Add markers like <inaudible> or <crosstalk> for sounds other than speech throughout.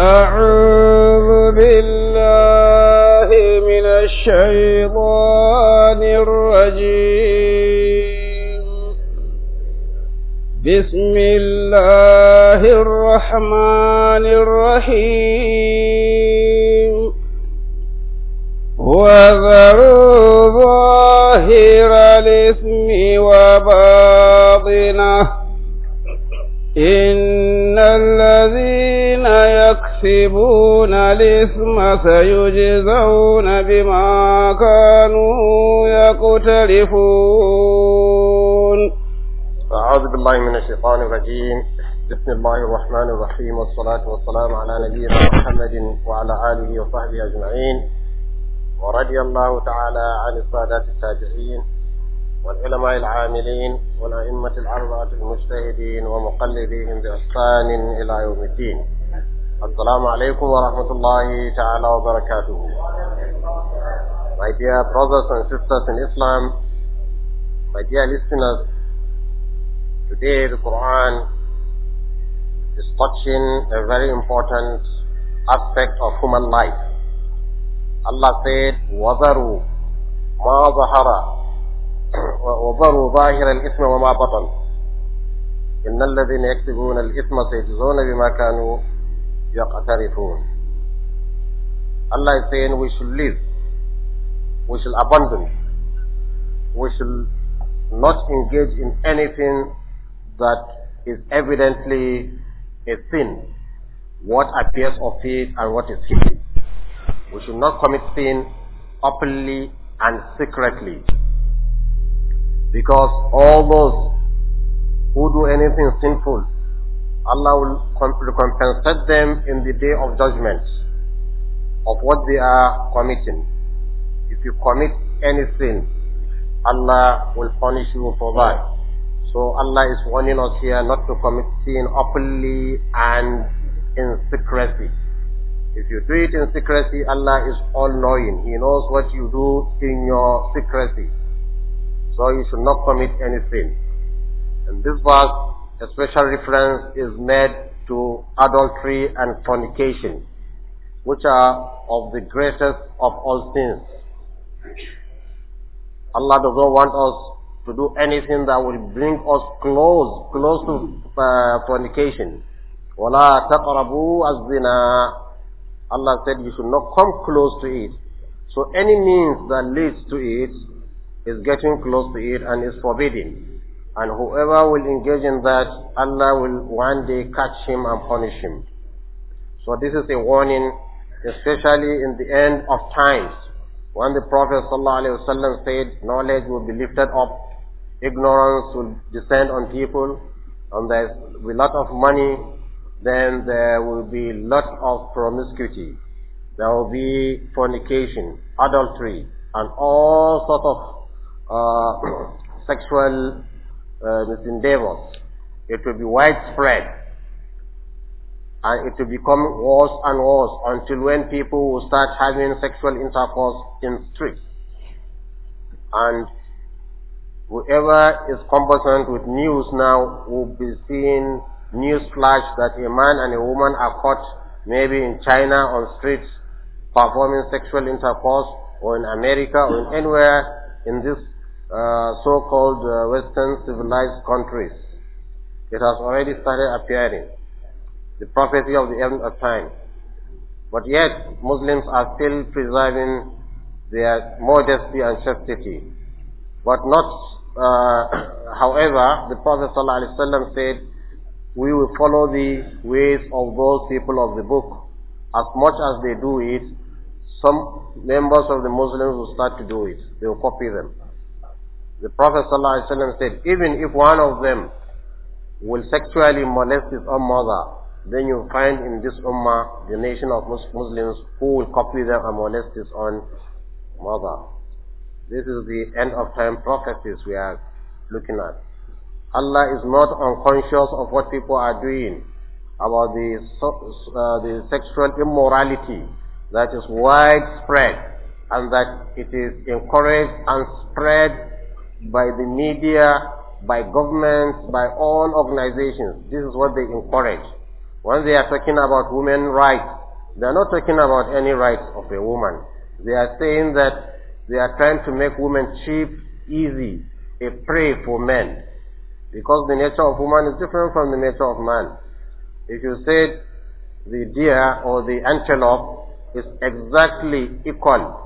أعوذ بالله من الشيطان الرجيم بسم الله الرحمن الرحيم وذروا ظاهر الاسم وباطنه إن الذين يكفرون يكسبون الإثم سيجزون بما كانوا يقترفون أعوذ بالله من الشيطان الرجيم بسم الله الرحمن الرحيم والصلاة والسلام على نبينا محمد وعلى آله وصحبه أجمعين ورضي الله تعالى عن السادات التابعين والعلماء العاملين والأئمة الأربعة المجتهدين ومقلديهم بإحسان إلى يوم الدين السلام عليكم wa rahmatullahi ta'ala wa My dear brothers and sisters in Islam, my dear listeners, today the Quran is touching a very important aspect of human life. Allah said, وَذَرُوا مَا ظَهَرَ وَذَرُوا ظَاهِرَ الْإِثْمَ وَمَا بَطَنَ إِنَّ الَّذِينَ يَكْتِبُونَ الْإِثْمَ سَيَجْزَوْنَ بِمَا كَانُوا يقترفون Allah is saying we should live, we shall abandon we shall not engage in anything that is evidently a sin what appears of it and what is hidden we should not commit sin openly and secretly because all those who do anything sinful Allah will compensate them in the day of judgment of what they are committing. If you commit any sin, Allah will punish you for that. So Allah is warning us here not to commit sin openly and in secrecy. If you do it in secrecy, Allah is all-knowing. He knows what you do in your secrecy. So you should not commit any sin. And this verse a special reference is made to adultery and fornication, which are of the greatest of all sins. Allah does not want us to do anything that will bring us close, close to uh, fornication. وَلَا تَقْرَبُوا الزِّنَا Allah said you should not come close to it. So any means that leads to it is getting close to it and is forbidden. And whoever will engage in that, Allah will one day catch him and punish him. So this is a warning, especially in the end of times, when the Prophet ﷺ said, knowledge will be lifted up, ignorance will descend on people, and there will be a lot of money, then there will be a lot of promiscuity. There will be fornication, adultery, and all sorts of uh, <coughs> sexual uh, this endeavor. It will be widespread. And it will become worse and worse until when people will start having sexual intercourse in streets. And whoever is conversant with news now will be seeing news flash that a man and a woman are caught maybe in China on streets performing sexual intercourse or in America or in anywhere in this uh, so-called uh, Western civilized countries. It has already started appearing, the prophecy of the end of time. But yet, Muslims are still preserving their modesty and chastity. But not, uh, <coughs> however, the Prophet ﷺ said, we will follow the ways of those people of the book. As much as they do it, some members of the Muslims will start to do it. They will copy them. The Prophet ﷺ said, even if one of them will sexually molest his own mother, then you find in this ummah the nation of Muslims who will copy them and molest his own mother. This is the end of time prophecies we are looking at. Allah is not unconscious of what people are doing about the, uh, the sexual immorality that is widespread and that it is encouraged and spread by the media, by governments, by all organizations. This is what they encourage. When they are talking about women rights, they are not talking about any rights of a woman. They are saying that they are trying to make women cheap, easy, a prey for men. Because the nature of woman is different from the nature of man. If you said the deer or the antelope is exactly equal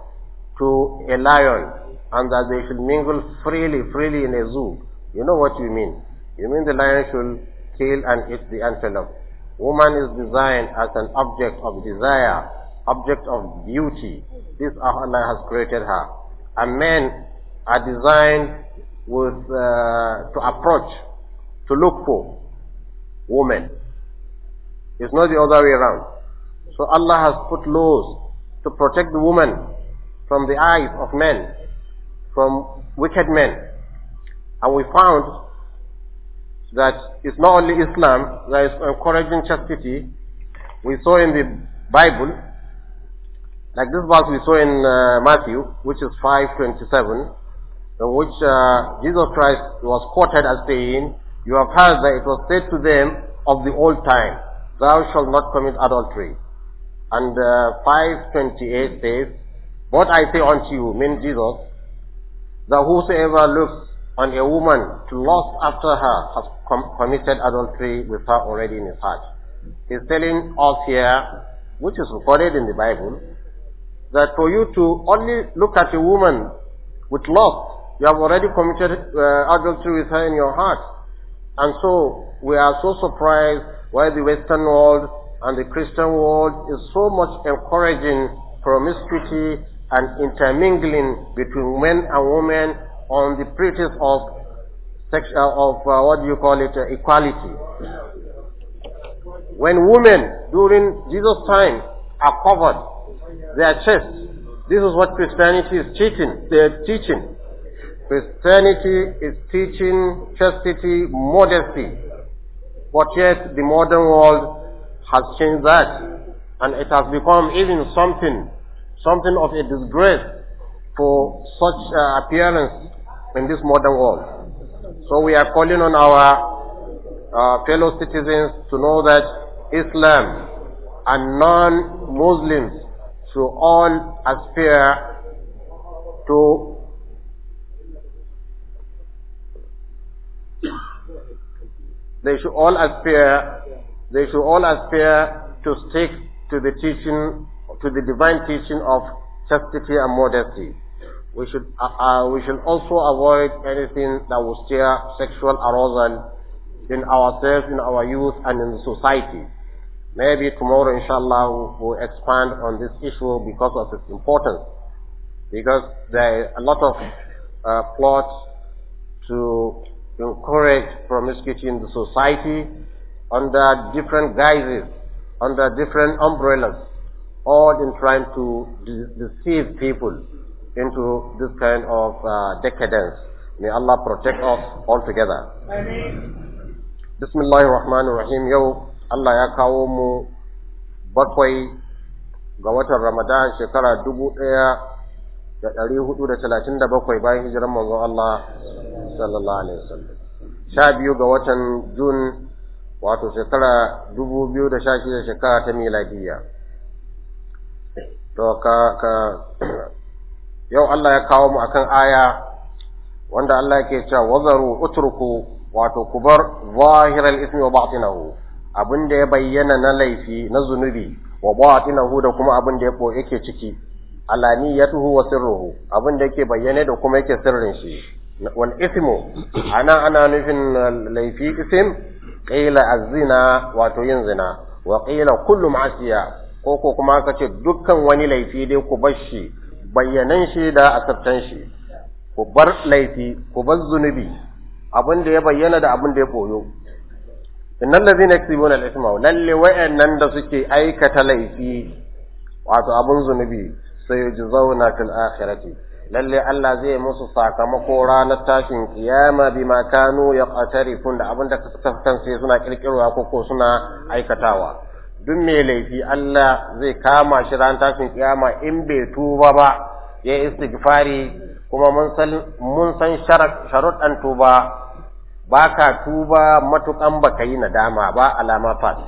to a lion, and that they should mingle freely, freely in a zoo. You know what you mean. You mean the lion should kill and eat the antelope. Woman is designed as an object of desire, object of beauty. This Allah has created her. And men are designed with, uh, to approach, to look for women. It's not the other way around. So Allah has put laws to protect the woman from the eyes of men from wicked men. And we found that it's not only Islam that is encouraging chastity. We saw in the Bible, like this verse we saw in uh, Matthew, which is 527, in which uh, Jesus Christ was quoted as saying, You have heard that it was said to them of the old time, Thou shalt not commit adultery. And uh, 528 says, What I say unto you, mean Jesus, that whosoever looks on a woman to lust after her has com committed adultery with her already in his heart. He's telling us here, which is recorded in the Bible, that for you to only look at a woman with lust, you have already committed uh, adultery with her in your heart. And so we are so surprised why the Western world and the Christian world is so much encouraging promiscuity and intermingling between men and women on the pretext of sexual uh, of uh, what do you call it uh, equality. When women during Jesus' time are covered, their chests. This is what Christianity is teaching. They are teaching. Christianity is teaching chastity, modesty. But yet the modern world has changed that. And it has become even something something of a disgrace for such uh, appearance in this modern world. So we are calling on our uh, fellow citizens to know that Islam and non-Muslims should all aspire to they should all aspire they should all aspire to stick to the teaching to the divine teaching of chastity and modesty. We should, uh, uh, we should also avoid anything that will stir sexual arousal in ourselves, in our youth, and in society. Maybe tomorrow, inshallah, we'll expand on this issue because of its importance. Because there are a lot of uh, plots to encourage promiscuity in the society under different guises, under different umbrellas all in trying to de deceive people into this kind of uh, decadence. May Allah protect us altogether. Amen. Bismillahir Rahmanir Rahim. Yau Allah ya kawo mu bakwai ga watan Ramadan shekara dubu ɗaya da ɗari hudu da talatin da bakwai bayan hijiran manzon Allah sallallahu alaihi wasallam. Sha biyu ga watan Jun wato shekara dubu biyu da sha shida shekara ta miladiyya. to ka ka yau Allah ya kawo mu akan aya wanda Allah yake cewa wazaru utruku wato kubar al ismi wa batinahu abin da ya bayyana na laifi na zunubi wa batinahu da kuma abin da yake ciki alaniyatuhu wa sirruhu abin da yake bayyane da kuma yake sirrin shi wal ismu ana ana nufin laifi isim qila zina, wato yin zina wa qila kullu ma'siya ko ko kuma aka ce dukkan wani laifi dai ku bar shi bayyanan shi da asabtan shi ku bar laifi ku bar zunubi abin da ya bayyana da abin da ya koyo innal ladzina yaksibuna al-ithma lalle wa'annan da suke aikata laifi wato abin zunubi sai yujzauna fil akhirati lalle Allah zai musu sakamako ranar tashin kiyama bima kanu yaqtarifun da abin da suka kasance suna kirkirwa ko ko suna aikatawa duk mai laifi Allah zai kama shi ran tashin kiyama in bai tuba ba ya istighfari kuma mun san mun san sharuɗan tuba ba tuba matukan ba ka yi nadama ba alama fas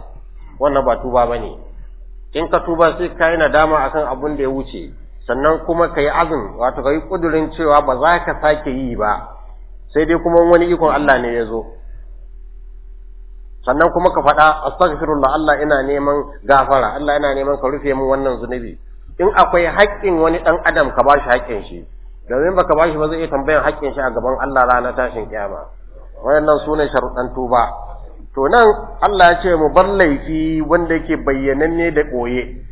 wannan ba tuba ba ne in ka tuba sai ka yi nadama akan abun da ya wuce sannan kuma ka yi azum wato ka yi ƙudurin cewa ba za ka sake yi ba sai dai kuma wani ikon Allah ne ya zo sannan kuma ka faɗa astaghfirullah Allah ina neman gafara Allah ina neman ka rufe min wannan zunubi in akwai haƙƙin wani ɗan adam ka bashi haƙƙin shi domin baka bashi ba zai iya tambayan haƙƙin shi a gaban Allah ranar tashin kiyama wayannan sune sharuɗan tuba to nan Allah ya ce mu bar laifi wanda yake bayyananne da koye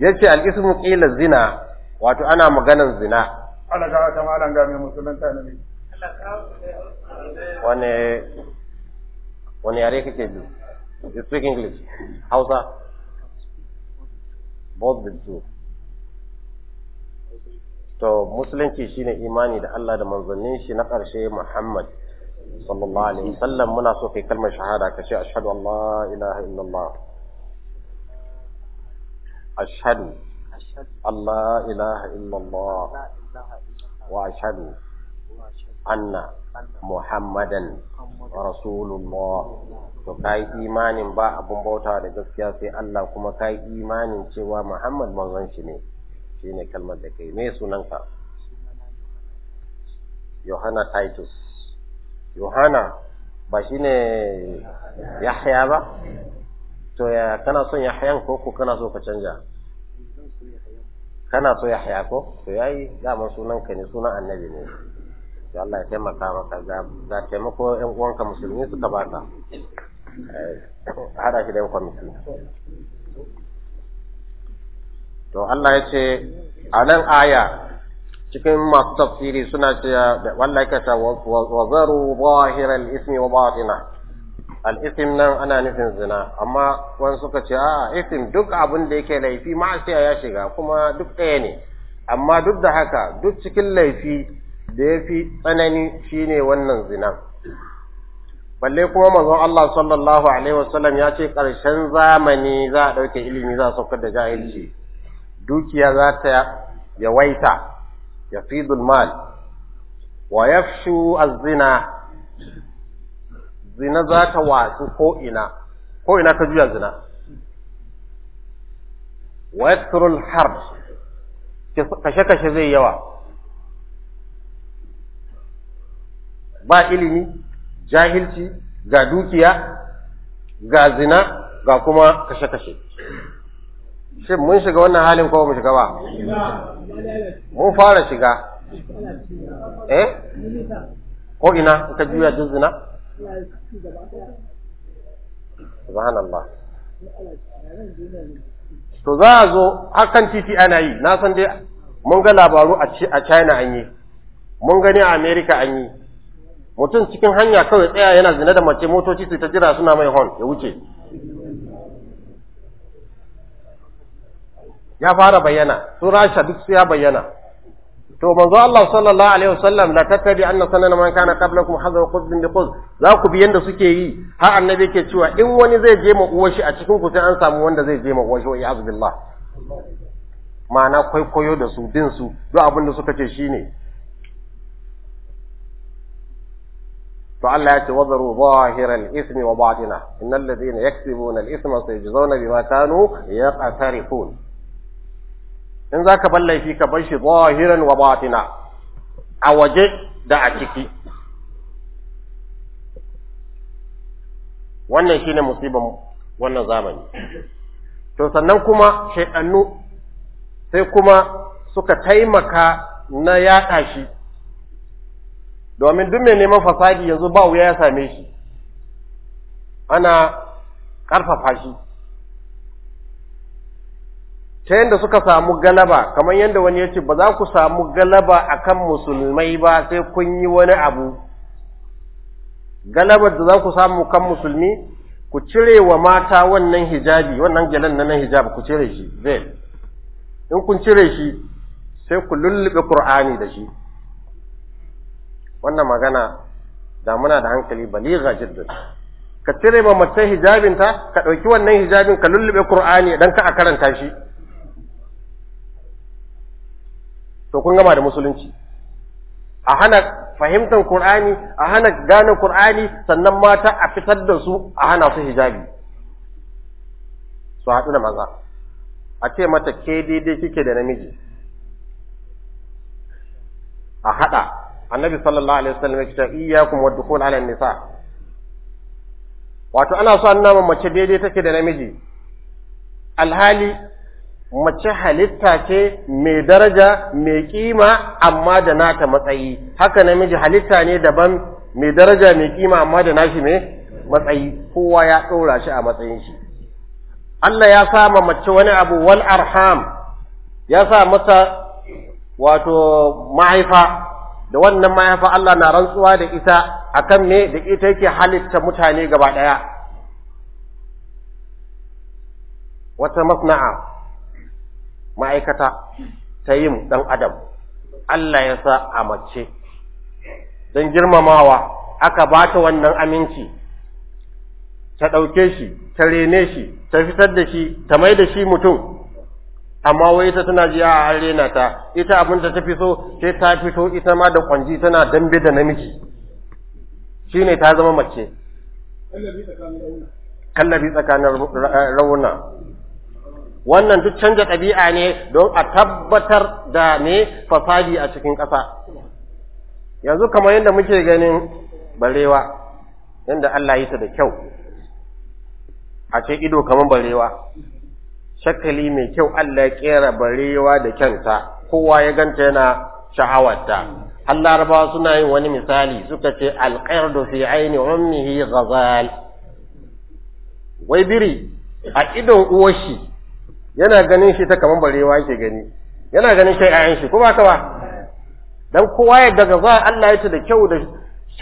yace al-ismu qila zina wato ana maganan zina Allah ga ta mai musulunta ne wani yare kake ji you speak english hausa both the two to musulunci shine imani da Allah da manzannin shi na ƙarshe Muhammad sallallahu alaihi wasallam muna so kai kalmar shahada kace ashhadu an la ilaha illallah ashhadu an la ilaha illallah wa ashhadu anna muhammadan rasulullah to kai imanin ba abun bauta da gaskiya sai Allah kuma kai imanin cewa muhammad manzon shi ne shine kalmar da kai me sunanka yohana titus yohana ba shine yahya ba to ya kana son Yahya ko ko kana so ka canja kana so yahya ko to yayi daman sunanka ne sunan annabi ne sai Allah ya taimaka maka za taimako yan uwanka musulmi suka baka eh, hada shi da yan kwamiti to Allah ya ce a nan aya cikin masu tafsiri suna ce wallah ka ta wa zahiral ismi wa batina ism nan ana nufin zina amma wani suka ce a isim duk abin da yake laifi sai ya shiga kuma duk ɗaya ne amma duk da haka duk cikin laifi da ya fi tsanani shi ne wannan zina balle kuma mazan Allah sallallahu alaihi wasallam ya ce ƙarshen zamani za a ɗauke ilimi za a saukar da jahilci dukiya za ta yawaita fi dulmal wa ya fi zina zina za ta watsu ko ina ko ina ka juya zina wa yakthurul har kashe kashe zai yawa ba ilimi jahilci ga dukiya ga zina ga kuma kashe-kashe shin mun shiga wannan halin kowa mu shiga ba mun fara shiga eh ko ina ka juya jin zina subhanallah to za a zo hakan titi ana yi na san dai mun ga labaru a china an yi mun gani a america an yi mutum cikin hanya kawai tsaya yana zina da mace motoci su ta jira suna mai hon ya wuce ya fara bayyana su rasha duk su ya bayyana to manzo Allah sallallahu alaihi wasallam la tatabi anna sanana man kana qablakum hadha qudbin bi qud za ku bi yanda suke yi har annabi yake cewa in wani zai je ma uwashi a cikin ku sai an samu wanda zai je ma uwashi wa billah ma'ana kwaikwayo da su din su duk abin da suka ce shine to Allah ya ce wazaru zahiral ismi wa batina innal zaka bar laifi ka bar shi zahiran wa batina a waje da a ciki wannan shine musibin wannan zamani to sannan kuma shaidannu sai kuma suka taimaka na yaɗa shi domin duk mai neman fasadi yanzu ba wuya ya same shi ana ƙarfafa shi ta yadda suka samu galaba kamar yadda wani ya ce ba za ku samu galaba akan musulmai ba sai kun yi wani abu galabar da za ku samu kan musulmi ku cire wa mata wannan hijabi wannan gyalan na nan hijab ku cire shi zai in kun cire shi sai ku lullube kur'ani da shi wannan magana da muna da hankali baliga jiddan ka cire ma mace hijabin ta ka ɗauki wannan hijabin ka lullube qur'ani dan ka a karanta shi to kun gama da musulunci a hana fahimtar qur'ani a hana gane qur'ani sannan mata a fitar da su a hana su hijabi su haɗu da maza a ce mata ke daidai kike da namiji a haɗa annabi sallallahu alaihi wasallam ya cewa iyyakum dukhul ala nisa wato ana so an nama mace daidai take da namiji alhali mace halitta ce mai daraja mai kima amma da nata matsayi haka namiji halitta ne daban mai daraja mai kima amma da nashi mai matsayi kowa ya ɗora shi a matsayin shi Allah ya sa ma mace wani abu wal arham ya sa mata wato mahaifa da wannan mayafa Allah na rantsuwa da ita akan me da ita yake halitta mutane gaba ɗaya wata masna'a ma'aikata ta yin ɗan adam Allah ya sa a mace don girmamawa aka ba ta wannan aminci ta ɗauke shi ta rene shi ta fitar da shi ta mai da shi mutum amma wai ita tana jiya a an ta ita abin da ta fi so sai ta fito ita ma da kwanji tana dambe da namiji shine ta zama mace kallabi tsakanin rauna wannan duk canja ɗabi'a ne don a tabbatar da ne fasadi a cikin ƙasa yanzu kamar yadda muke ganin barewa yadda Allah yi ta da kyau a ce ido kamar barewa shakali mai kyau Allah ya kera barewa da kyanta kowa ya ganta yana sha'awarta Allah larabawa suna yin wani misali suka ce alqardu fi aini ummihi ghazal wai biri a idon uwashi yana ganin shi ta kaman barewa yake gani yana ganin kai ayan shi ko ba ka ba dan kowa ya daga za Allah ya ta da kyau da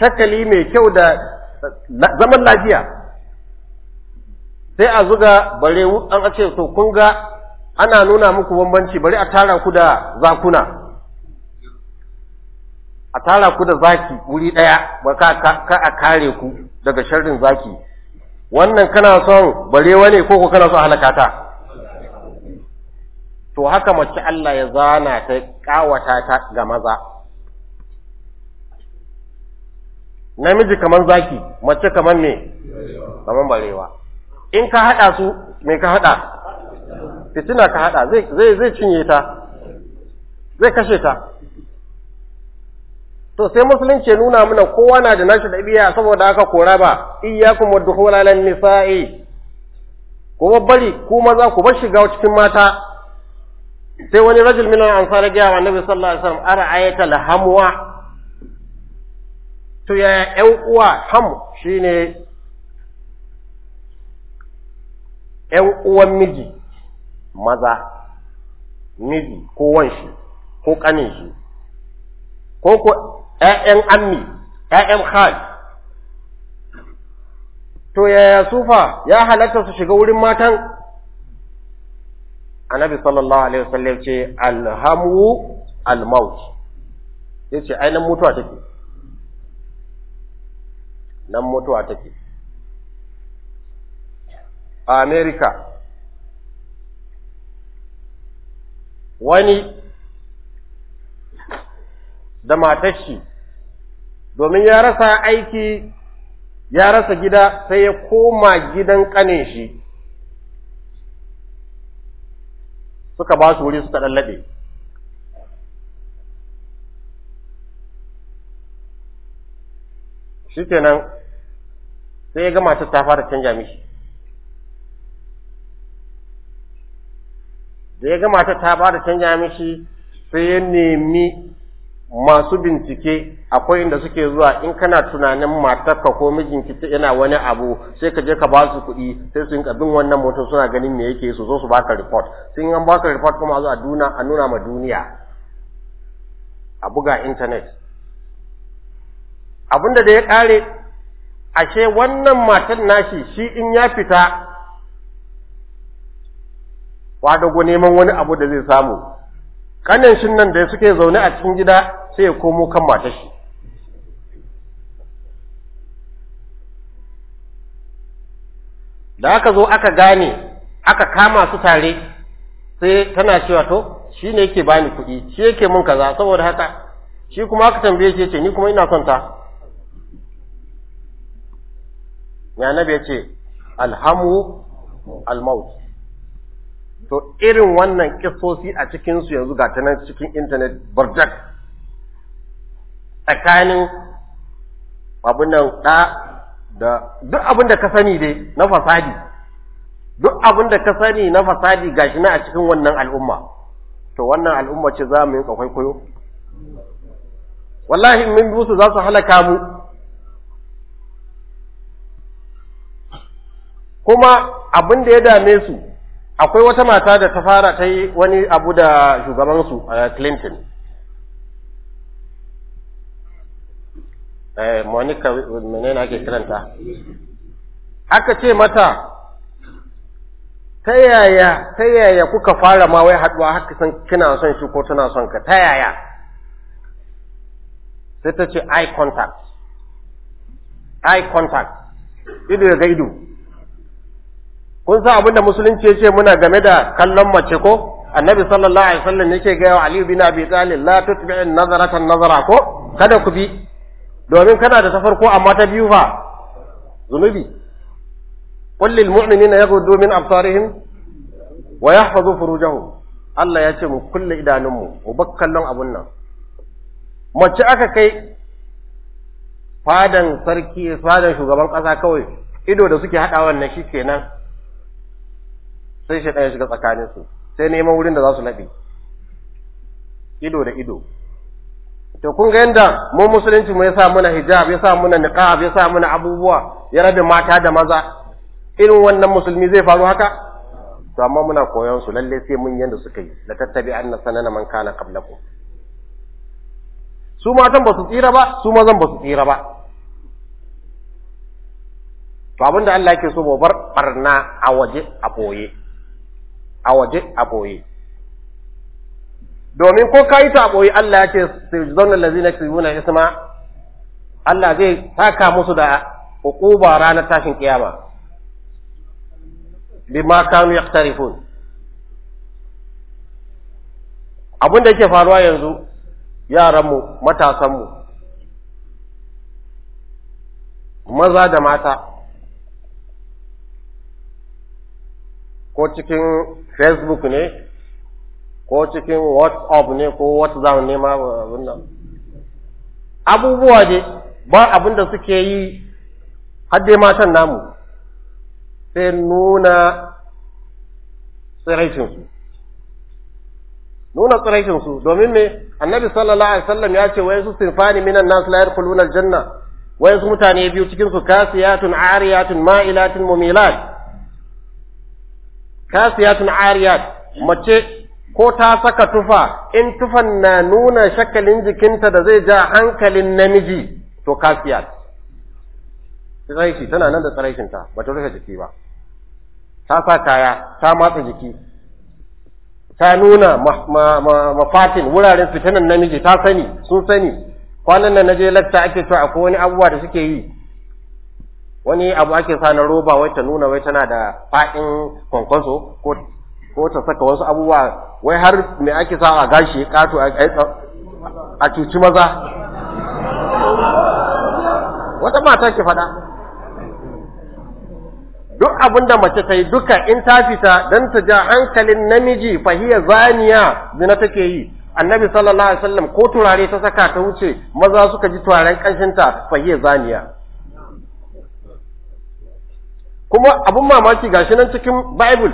shakali mai kyau da zaman lafiya sai a zuga bare an ce to kun ga ana nuna muku bambanci bari a tara ku da zakuna a tara ku da zaki wuri ɗaya ba ka, ka a kare ku daga sharrin zaki wannan kana son barewa ne ko ko kana son halaka to haka mace Allah ya zana ta kawata ta ga maza namiji kaman zaki mace kaman me kaman barewa in ka haɗa su me ka haɗa fitina ka haɗa zai zai cinye ta zai kashe ta to sai musulunci nuna mana kowa na da nashi ɗabi'a saboda aka kora ba iyyakum wadkhul lan nisa'i kuma bari ku maza ku bar shiga cikin mata sai wani rajul min al-ansar ya ga annabi sallallahu alaihi wasallam ara ayata hamwa to ya ƴan uwa ham shine ‘yan uwan miji maza, miji ko wanshi ko ƙanin shi, ko ko ‘ya'yan ammi, ‘ya'yan khal. To yaya sufa ya halatta su shiga wurin matan? Annabi sallallahu Alaihi wasallam ce, Alhamu almaut, ya ce, ai mutuwa take, nan mutuwa take. a Amerika. Wani da matashi, domin ya rasa aiki, ya rasa gida sai ya koma gidan ƙanin shi, suka ba su wuri suka ɗallaɗe. Shikenan sai ya ga matar ta fara canja mishi. da ya gama ta ta bada canja mishi sai ya nemi masu bincike akwai inda suke zuwa in kana tunanin matarka ko mijinki ta yana wani abu sai ka je ka ba su kuɗi sai su yinka bin wannan motar suna ganin me yake su zo su baka report sun yi baka report kuma a zo a duna a nuna ma duniya a buga internet abinda da ya kare ashe wannan matan nashi shi in ya fita dago neman wani abu da zai samu kanin shin nan da suke zaune a cikin gida sai ya komo kan matar shi da aka zo aka gane aka kama su tare sai tana cewa to shi ne yake bani kuɗi shi yake mun kaza saboda haka shi kuma aka tambaye shi ce ni kuma ina son ta ya nabi ya ce alhamu almaut to irin wannan kisosi a cikinsu yanzu ga ta nan cikin intanet burjak tsakanin abin nan da duk abin da ka sani dai na fasadi duk abin da ka sani na fasadi gashi na a cikin wannan al'umma to wannan al'umma ce za mu yi koyo? wallahi min busu za su halaka mu kuma abin da ya dame su akwai wata mata da ta fara ta yi wani abu da shugabansu eh, clinton eh, monica na ake kiranta aka ce mata ta yaya ta yaya kuka fara ma wai haduwa haka san kina son shi ko tana son ka ta yaya sai ta ce eye contact eye contact ido ga ido kun san abinda musulunci ce muna game da kallon mace ko annabi sallallahu alaihi wasallam yake ga wa ali bin abi talib la tutbi'in nazaratan nazara ko kada ku bi domin kana da ta farko amma ta biyu fa zunubi qul lil mu'minina yaghuddu min absarihim wa yahfazu furujahum Allah ya ce mu kulle idanunmu mu kallon abun nan mace aka kai fadan sarki fadan shugaban kasa kawai ido da suke hada wannan kenan sai shi ɗaya shiga tsakaninsu sai neman wurin da za su naɗe ido da ido to kun ga yadda mu musulunci mu yasa muna hijab yasa muna niqab yasa muna abubuwa ya rabe mata da maza irin wannan musulmi zai faru haka to amma muna koyon su lalle sai mun yanda suka yi la tattabi anna sanana man kana qablakum su matan ba su tsira ba su mazan ba su tsira ba to abinda Allah yake so mu bar barna a waje a boye a waje a ɓoye domin ko ka yi ta a ɓoye Allah ya ce sirjidon da su yi isma Allah zai taka musu da hukuba ranar tashin kiyama ma kanu abin da yake faruwa yanzu yaranmu matasanmu maza da mata ko cikin facebook ne ko cikin whatsapp ne ko whatsapp ne ma abin nan abubuwa ne ba abin da suke yi hadde matan namu sai nuna tsiraicinsu nuna tsiraicinsu domin me annabi sallallahu alaihi wasallam ya ce wai su sinfani minan nas la yadkhuluna aljanna wai su mutane biyu cikin su kasiyatun ariyatun ma'ilatun mumilat kasiyatun ariyat mace ko ta saka tufa in tufan na nuna shakalin jikinta da zai ja hankalin namiji to kasiyat tsaraici tana nan da tsaraicinta ba ta rufe jiki ba ta sa kaya ta matsa jiki ta nuna mafatin wuraren fitanan namiji ta sani sun sani kwanan nan naje lakta ake cewa akwai wani abubuwa da suke yi wani abu ake sa na roba wai ta nuna wai tana da fa'in kwankwaso ko ko ta saka wasu abubuwa wai har me ake sa a gashi kato a cuci maza wata mata ke faɗa duk abinda mace ta yi duka in ta fita don ta ja hankalin namiji fahiyar zaniya zina take yi annabi sallallahu alaihi wasallam ko turare ta saka ta wuce maza suka ji turaren kanshinta fahiyar zaniya kuma abun mamaki gashi nan cikin bible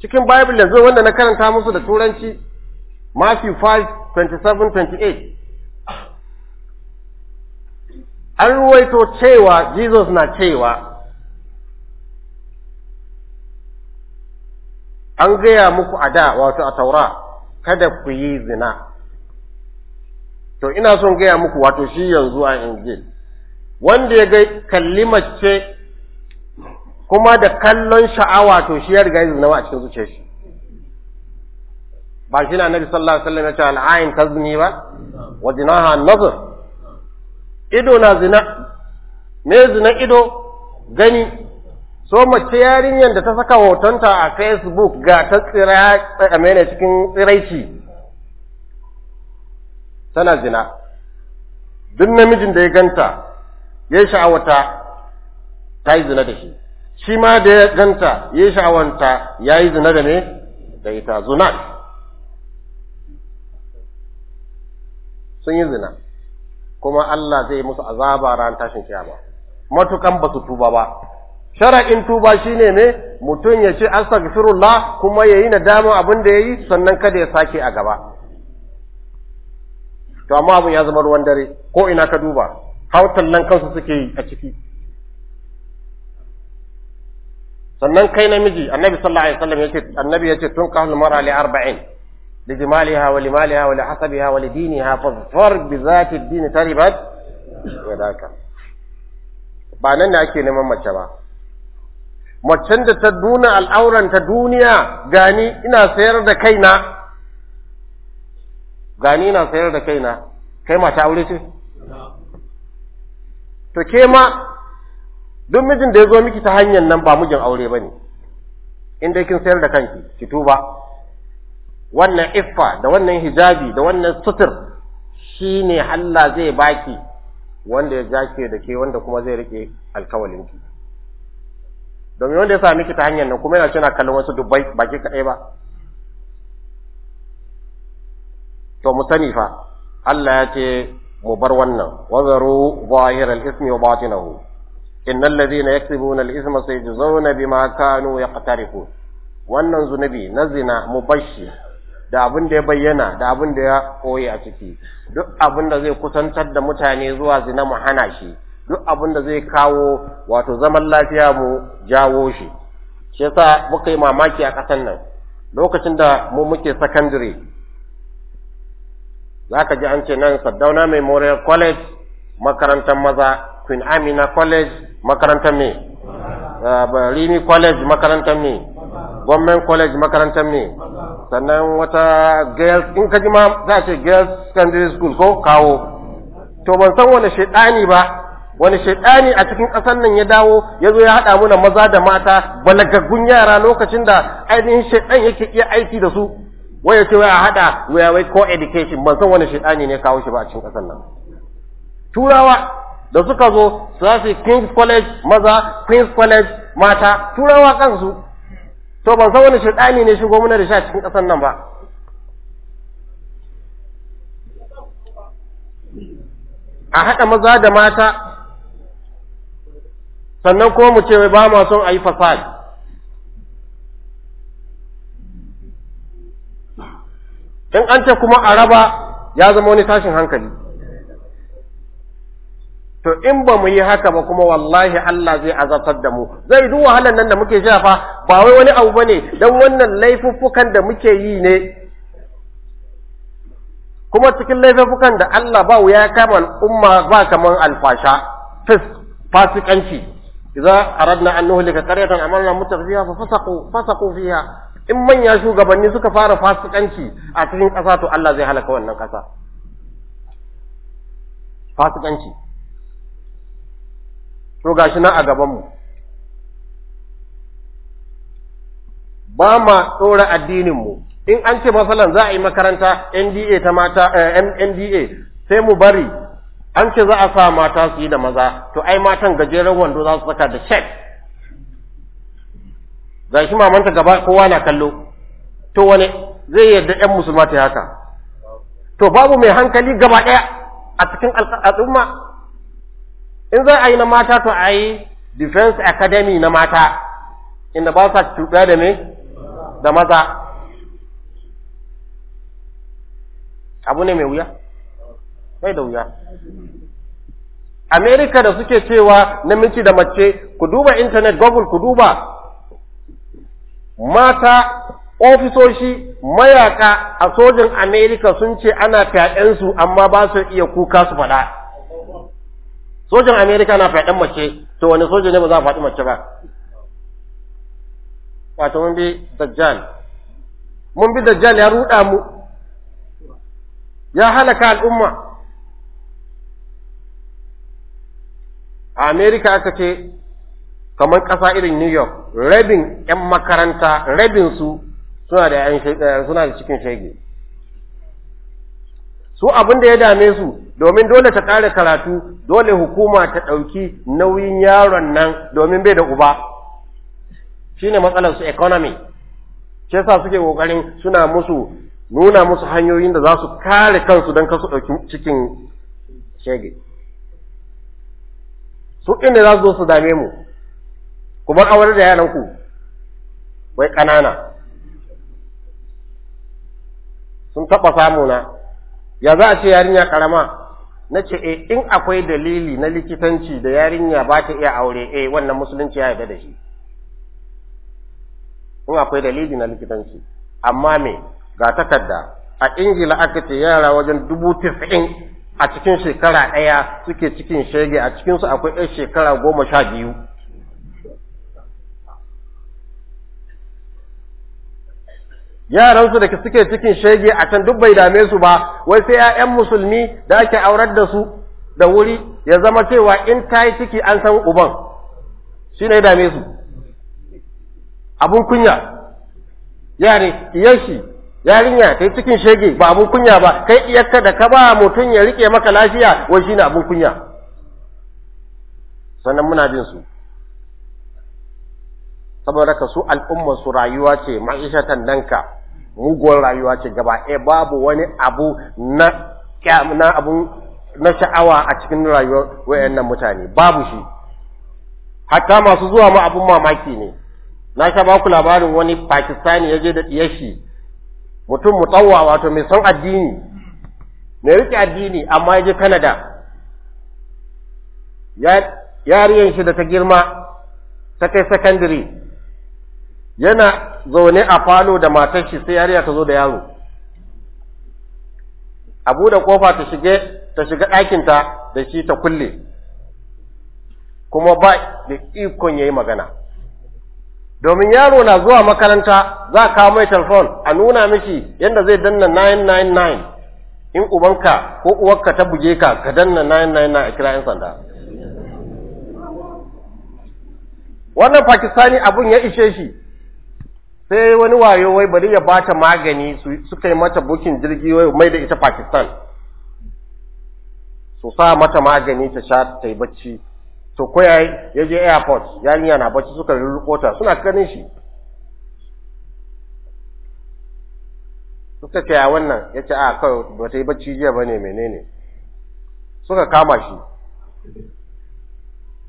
cikin bible yanzu wanda na karanta musu da turanci Matthew 527 28 an ruwaito cewa Jesus na cewa an gaya muku a da wato a taura kada ku yi zina to ina son gaya muku wato shi yanzu a injil wanda ya ga kalli mace kuma da kallon sha'awa to shi ya riga ya zinawa a cikin zuciyar shi ba shi na nabi sallallahu alaihi wasallam ya ce al'ain tazni ba wa zinaha nazar ido na zina me zina ido gani so mace yarinyar da ta saka hotonta a facebook ga ta tsira a cikin tsiraici tana zina duk namijin da ya ganta ya sha'awata ta yi zina da shi shi ma da ya ganta ya sha'awanta ya yi zina da ne da ita zuna sun yi zina kuma Allah zai musu azaba ran tashin kiyama matukan ba su tuba ba shara'in tuba shine ne mutum ya ce astaghfirullah kuma ya yayi nadama abin da ya yi sannan kada ya sake a gaba to amma abin ya zama ruwan dare ko ina ka duba Hautan nan kansu suke yi a ciki sannan kai namiji annabi sallallahu alaihi wasallam yace annabi yace tun qahlul mar'a li arba'in li jimaliha wa limaliha wa li hasabiha wa li diniha fazfar bi zati ad-din taribat wadaka ba nan ne ake neman mace ba macen da ta duna al'auran ta duniya gani ina sayar da kaina gani ina sayar da kaina kai mata aure ce to ke ma duk mijin da ya zo miki ta hanyar nan ba mijin aure ba ne in dai kin sayar da kanki ki tuba wannan iffa da wannan hijabi da wannan sutur shi ne Allah zai baki wanda ya jake da ke wanda kuma zai rike alkawalinki domin wanda ya sa miki ta hanyar nan kuma yana cewa kallon wasu dubbai baki kaɗai ba to mu sani fa Allah ya ce mu bar wannan wazaru zahiral ismi wa batinahu Innan innal ladhina yaktubuna al-ithma sayajzawna bima kanu yaqtarifun wannan zunubi na zina mu bashi da abin da ya bayyana da abin da ya koyi a ciki duk abin da zai kusantar da mutane zuwa zina mu hana shi duk abin da zai kawo wato zaman lafiya mu jawo shi shi yasa muka yi mamaki a ƙasan nan lokacin da mu muke secondary zaka ji an ce nan Saddauna Memorial College makarantar maza Queen Amina College makaranta me, ah, Rimi College makaranta me, Gwamnan College makaranta me, sannan wata girls in ka ji ma za ce girls secondary school ko kawo. To ban san wani shaidani ba, wani shaidani a cikin ƙasar nan ya dawo ya zo ya haɗa muna maza da mata balagaggun yara lokacin da ainihin shaidan yake iya aiki da su waya ce wai a haɗa waya wai ko education ban san wani shaidani ne kawo shi ba a cikin ƙasar nan turawa da suka zo su za su King's College maza Queen's College mata turawa kansu to ban san wani shirɗani ne shigo muna da sha cikin ƙasar nan ba a haɗa maza da mata sannan ko mu ce ba ma son a yi fasad in an ce kuma a raba ya zama wani tashin hankali to in ba mu yi haka ba kuma wallahi Allah zai azabtar da mu zai duk wahalan nan da muke sha fa ba wai wani abu bane dan wannan laifuffukan da muke yi ne kuma cikin laifuffukan da Allah ba ya kama umma ba kaman alfasha fis fasikanci idza aradna an nuhlika qaryatan amarna mutafiha fa fasaqu fasaqu fiha in manya shugabanni suka fara fasikanci a cikin ƙasa to Allah zai halaka wannan ƙasa fasikanci to gashi na a gabanmu ba ma tsora mu in an ce masalan za a yi makaranta NDA ta mata eh, NDA sai mu bari an ce za a sa mata su yi da maza to ai matan gajeren wando za su saka da shek ga shi mamanta gaba kowa na kallo to wani zai yarda yan musulma ta haka to babu mai hankali gaba ɗaya a cikin al'umma in za a yi na mata to a yi defense academy na mata inda ba sa cuɗa da me da maza abu ne mai wuya da wuya amerika da suke cewa namiji da mace ku duba internet google ku duba mata ofisoshi mayaka a sojin amerika sun ce ana fyaɗensu amma ba su iya kuka su faɗa sojan amerika na faɗin mace to wani soja ne ba za a faɗi mace ba wato mun bi dajjal mun bi dajjal ya ruɗa mu ya halaka al'umma a america aka ce kamar ƙasa irin new york rabin 'yan makaranta rabin su suna da cikin shege su abin da ya dame su domin dole ta ƙare karatu dole hukuma ta ɗauki nauyin yaron nan domin bai da uba shine matsalar su economy ce sa suke ƙoƙarin suna musu nuna musu hanyoyin da za su kare kansu don kasu ɗauki cikin shege su inda za su zo su dame mu kuma ƙawar da yaranku wai ƙanana sun taɓa samuna ya za a ce yarinya karama na ce e in akwai dalili na likitanci da yarinya ba ta iya aure e wannan musulunci ya yarda da shi in akwai dalili na likitanci amma me ga takarda a ingila aka ce yara wajen dubu tis'in a cikin shekara ɗaya suke cikin shege a cikinsu akwai 'yan shekara goma sha biyu yaransu da suke cikin shege a can duk bai dame su ba wai sai 'ya'yan musulmi da ake aurar da su da wuri ya zama cewa in ta yi ciki an san uban shi ne dame su abun kunya yare yashi yarinya ta yi cikin shege ba abun kunya ba kai iyakka da ka ba mutum ya rike maka lafiya wai shi ne abun kunya sannan muna bin su saboda ka su al'ummar su rayuwa ce ma'ishatan danka muguwan rayuwa ce gaba ɗaya babu wani abu na na abu na sha'awa a cikin rayuwar wayannan mutane babu shi hatta masu zuwa ma abun mamaki ne na sha baku labarin wani pakistani ya je da diyashi mutum mutawwa wato mai son addini mai rike addini amma ya je canada yariyan shi da ta girma ta kai secondary yana zaune a falo da matar shi sai yariya ta zo da yaro a buɗe kofa ta shige ta shiga ɗakinta da shi ta kulle kuma ba da ikon yayi magana domin yaro na zuwa makaranta za a kawo mai telefon a nuna mishi yadda zai danna 999 in ubanka ko uwarka ta buge ka ka danna 999 a kira 'yan sanda wannan pakistani abun ya ishe shi sai wani wayo wai bari ya bata magani suka yi mata bukin jirgi wai mai da ita Pakistan su sa mata magani ta sha ta yi bacci to ko ya je airport yarinya na bacci suka rurruko ta suna ganin shi suka ce a wannan ya ce a kawai ba ta yi bacci jiya ba ne menene suka kama shi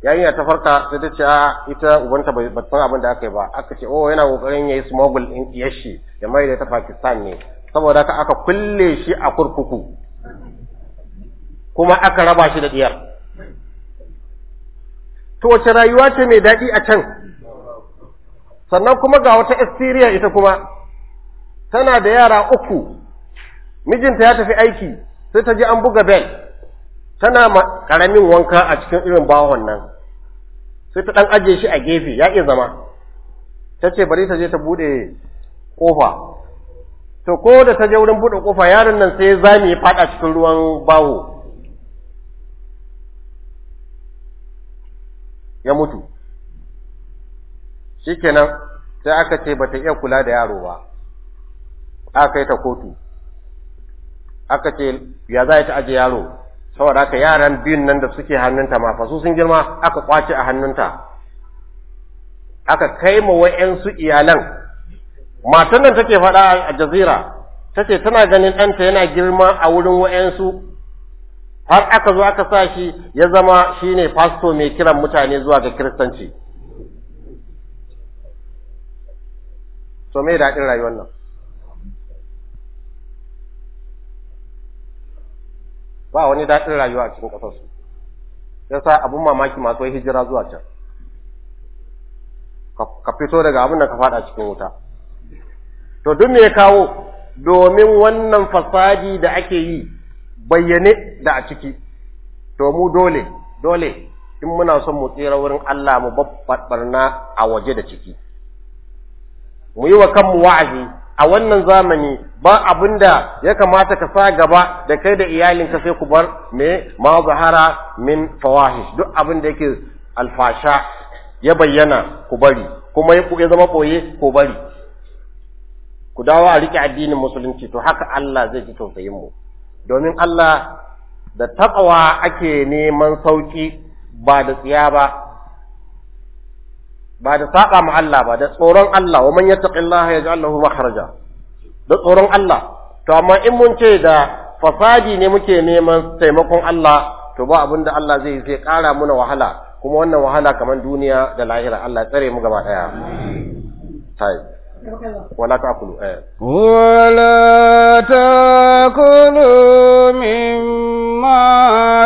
yayin ta farka sai ta ce a ita ubanta bai san abin da aka yi ba aka ce oh yana kokarin yayi smuggle din yashi da mai da ta Pakistan ne saboda haka aka kulle shi a kurkuku kuma aka raba shi da diyar to wace rayuwa ce mai daɗi a can sannan kuma ga wata Syria ita kuma tana da yara uku mijinta ya tafi aiki sai ta ji an buga bell tana karamin wanka a cikin irin bahon nan sai ta ɗan ajiye shi a gefe ya iya zama ta ce bari ta je ta buɗe ƙofa. to ko da ta je wurin buɗe ƙofa, yaron nan sai mu ya faɗa cikin ruwan bawo ya mutu kenan sai aka ce bata iya kula da yaro ba aka yi ta kotu aka ce ya za ta aje yaro saboda haka yaran biyun nan da suke hannunta ma fa sun girma aka kwace a hannunta aka kai ma wa'yansu iyalan matan nan take faɗa a jazira tace tana ganin ɗanta yana girma a wurin wa'yansu har aka zo aka sa shi ya zama shine fasto mai kiran mutane zuwa ga kiristanci to me daɗin rayuwar nan ba wani daɗin rayuwa a cikin ƙasarsu sa abin mamaki masu hijira zuwa can ka fito daga abin da ka faɗa cikin wuta to duk me kawo domin wannan fasadi da ake yi bayyane da a ciki to mu dole dole in muna son mu tsira wurin Allah mu babbarna a waje da ciki mu yi wa kanmu wa'azi a wannan zamani ba da ya kamata ka sa gaba da kai da iyalinka sai ku bar me ma zahara min fawahish duk abin da yake alfasha ya bayyana ku bari kuma ya zama boye ko bari ku dawo a rike addinin musulunci to haka Allah zai ji tausayin mu domin Allah da taɓawa ake neman sauki ba da tsiya ba ba da saƙa ma Allah ba da tsoron Allah wa man yattaqillaha yaj'al lahu makhraja da tsoron Allah to amma in mun ce da fasadi ne muke neman taimakon Allah to ba abin da Allah zai zai ƙara muna wahala kuma wannan wahala kamar duniya da lahira Allah tsare mu gaba ɗaya ولا تأكلوا مما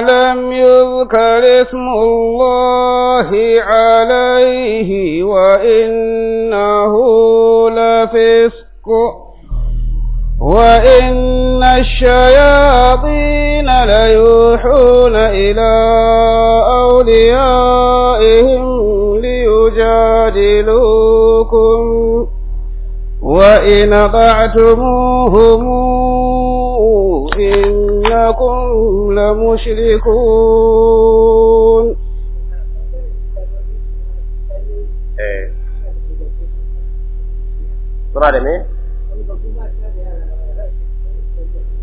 لم يذكر اسم الله عليه وإنه لفسق وإن الشياطين ليوحون إلى أوليائهم ليجادلوكم وإن أطعتموهم إنكم لمشركون سورة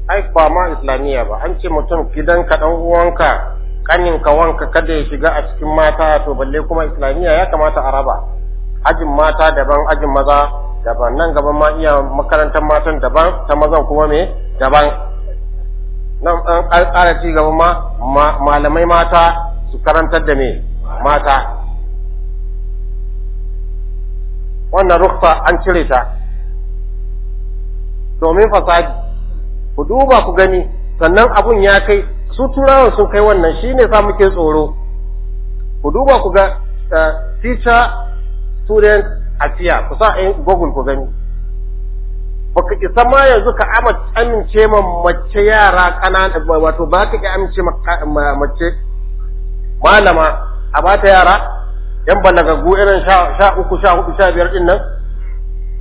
ai ba ma islamiyya ba an ce mutum ka dan uwanka kaninka wanka kada ya shiga a cikin mata to balle kuma islamiyya ya kamata a raba ajin mata daban ajin maza daban nan gaban ma iya makarantar matan daban ta mazan kuma me daban nan an ƙara ci gaba ma malamai mata su karantar da me mata wannan rukfa an cire ta domin fasadi ku duba ku gani sannan abun ya kai su turawan sun kai wannan shine sa muke tsoro ku duba ku ga eh, teacher student affair ku sa in google ku gani baka isa ma yanzu ka amince ma mace yara kanana wato ba ka ki amince ma mace malama a ba ta yara yan balagaggu irin sha uku sha hudu sha biyar ɗin nan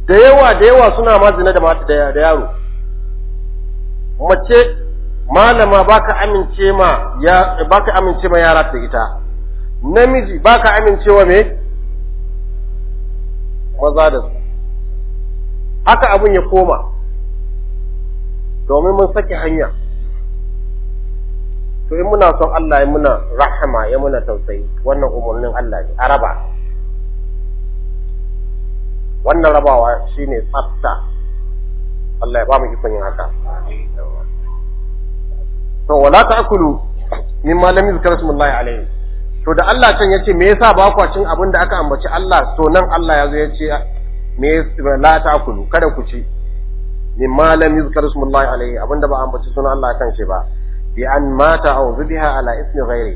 da yawa da yawa suna ma zina da yaro mace malama baka amince ma ya baka amince ma yara ta ita namiji baka amincewa me maza da su haka abin ya koma domin mun saki hanya to in muna son Allah ya muna rahama ya muna tausayi wannan umarnin Allah ne araba wannan rabawa shine tsafta Allah ya ba mu ikon yin haka to wala ta'kulu mimma lam yuzkar ismullahi alayhi to da Allah can yace me yasa ba ku cin abin da aka ambaci Allah to nan Allah yazo yace me la akulu, kada ku ci mimma lam yuzkar ismullahi alayhi da ba ambaci sunan Allah kan shi ba bi an mata aw zubiha ala ismi ghairi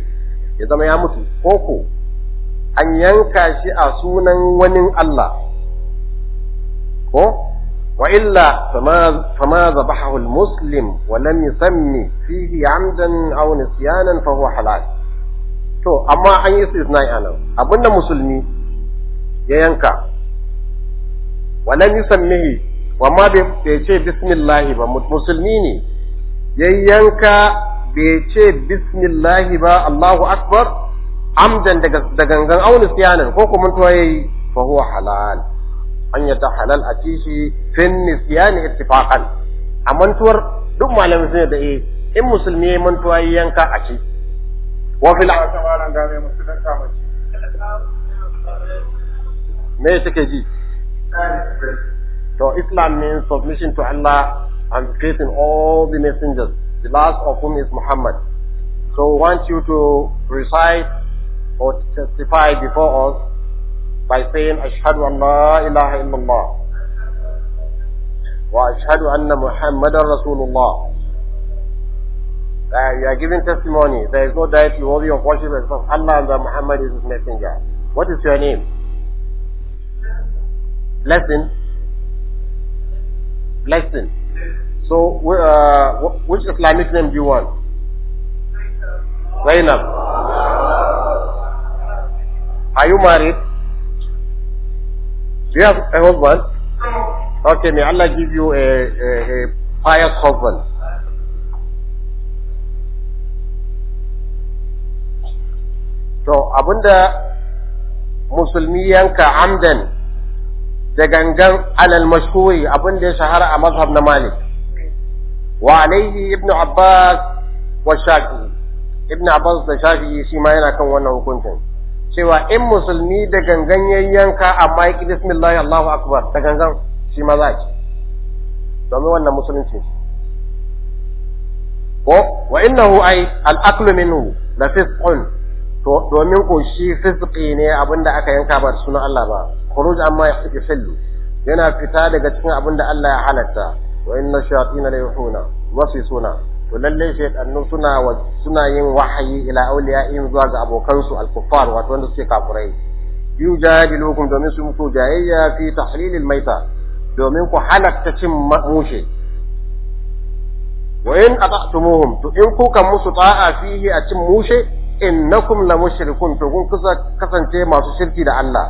ya zama ya mutu koko an yanka shi a sunan wani Allah ko وإلا فما, فما ذبحه المسلم ولم يسمي فيه عمدا أو نسيانا فهو حلال to amma an yi istisnai anan abinda musulmi ya yanka walam yusammihi wamma bai ce bismillahi ba musulmi ne ya yanka bai ce bismillahi ba Allahu akbar amdan da gangan auni ko kuma to yayi halal an yadda halal a ci shi fin nisyani ittifaqan a mantuwar duk malamin sun da eh in musulmi ya mantuwa yi yanka a ci wa fil me take ji to islam means submission to allah and facing all the messengers the last of whom is muhammad so we want you to recite or testify before us by saying أشهد أن لا إله إلا الله وأشهد أن محمد رسول الله you are giving testimony there is no you worthy of worship except Allah and Muhammad is his messenger what is your name blessing blessing so uh, which Islamic name do you want Zainab are you married Do you have a husband? Okay, may Allah give you a, a, a pious husband. So, abunda musulmi yanka amdan da gangan alal mashhuri abinda ya shahara a mazhab na Malik. Wa alaihi Ibn Abbas wa Shafi'i. Ibn Abbas da Shafi'i shi ma yana kan wannan hukuncin. cewa in musulmi da gangan yanka amma ya ki bismillah Allahu akbar da gangan shi ma za ki domin wannan musulunci ko wa innahu ai al-aklu minhu la fisqun to domin ko shi fisqi ne abinda aka yanka ba sunan Allah ba khuruj amma ya fillu yana fita daga cikin abinda Allah ya halatta wa inna shayatin la yuhuna wasisuna to lalle shaytanu suna suna yin wahayi ila awliyain zuwa ga abokansu al-kuffar wato wanda suke kafurai yujadilukum domin su muku jayayya fi tahlilil maita domin ku halatta cin mushe wa in ata'tumuhum to in kuka musu ta'a fihi a cin mushe innakum la mushrikun to kun kasance masu shirki da Allah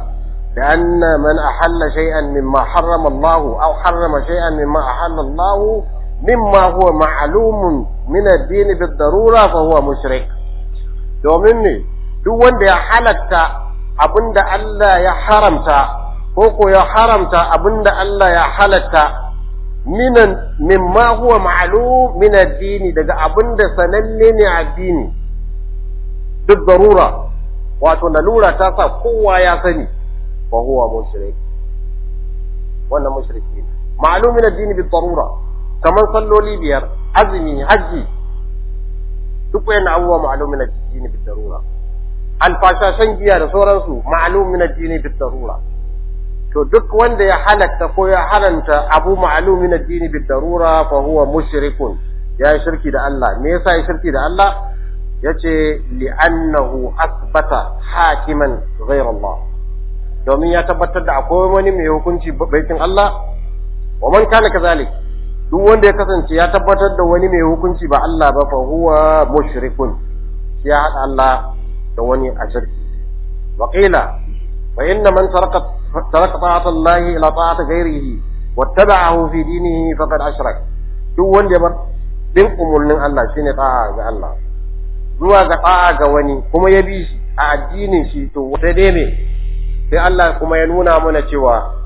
da anna man ahalla shay'an mimma harrama Allah aw harrama shay'an mimma ahalla Allah mimma huwa ma'lumun min ad-din bid-darura fa huwa mushrik domin ne duk wanda ya halatta abinda Allah ya haramta ko ko ya haramta abinda Allah ya halatta minan mimma huwa ma'lum min ad-din daga abinda sananne ne addini bid-darura wato lalura ta sa kowa ya sani fa huwa mushrik wannan mushriki ma'lumin ad-din bid-darura kamar salloli biyar azumi hajji duk wayannan abubuwa ma'lum min bi darura alfasha shan giya da sauransu ma'lum min bi darura to duk wanda ya halatta ko ya haranta abu ma'lum min bi darura fa huwa mushrikun ya shirki da Allah me yasa ya shirki da Allah yace li'annahu asbata hakiman ghayra Allah domin ya tabbatar da akwai wani mai hukunci baitin Allah wa man kana kazalik duk wanda ya kasance ya tabbatar da wani mai hukunci ba Allah ba fa huwa mushrikun ya hada Allah da wani a shirki wa qila fa inna man taraka taraka ta'ata Allah ila ta'ati ghairihi wattaba'ahu fi dinihi faqad ashrak duk wanda ya bar bin umurnin Allah shine ta'a ga Allah zuwa ga ta'a ga wani kuma ya bi shi a addinin shi to sai dai me sai Allah kuma ya nuna mana cewa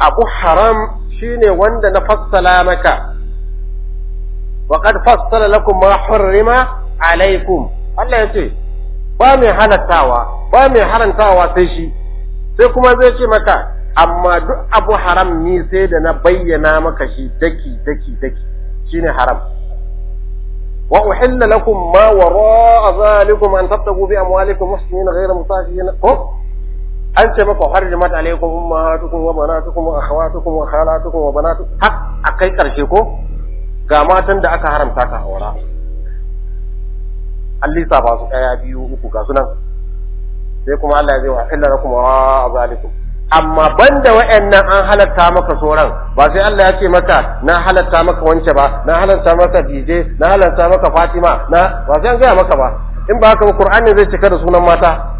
abu haram shine wanda na fassala maka wa fassala lakum ma hurrima alaikum Allah yace ba mai halattawa ba mai harantawa sai shi sai kuma zai ce maka amma duk abu haram ni sai da na bayyana maka shi daki daki daki shine haram wa uhilla lakum ma wara'a zalikum an tabtagu bi amwalikum muslimin ghayra musafihin an ce maka harjamat alaikum ummahatukum wa banatukum wa akhawatukum wa khalatukum wa banatukum har akai karshe ko ga matan da aka haramta ka aura allisa ba su daya biyu uku ga sunan sai kuma Allah ya zai wa illa lakum wa azalikum amma banda wa'annan an halatta maka soran ba sai Allah ya ce maka na halatta maka wance ba na halatta maka DJ na halatta maka Fatima na ba sai an gaya maka ba in ba haka Qur'ani zai cika da sunan mata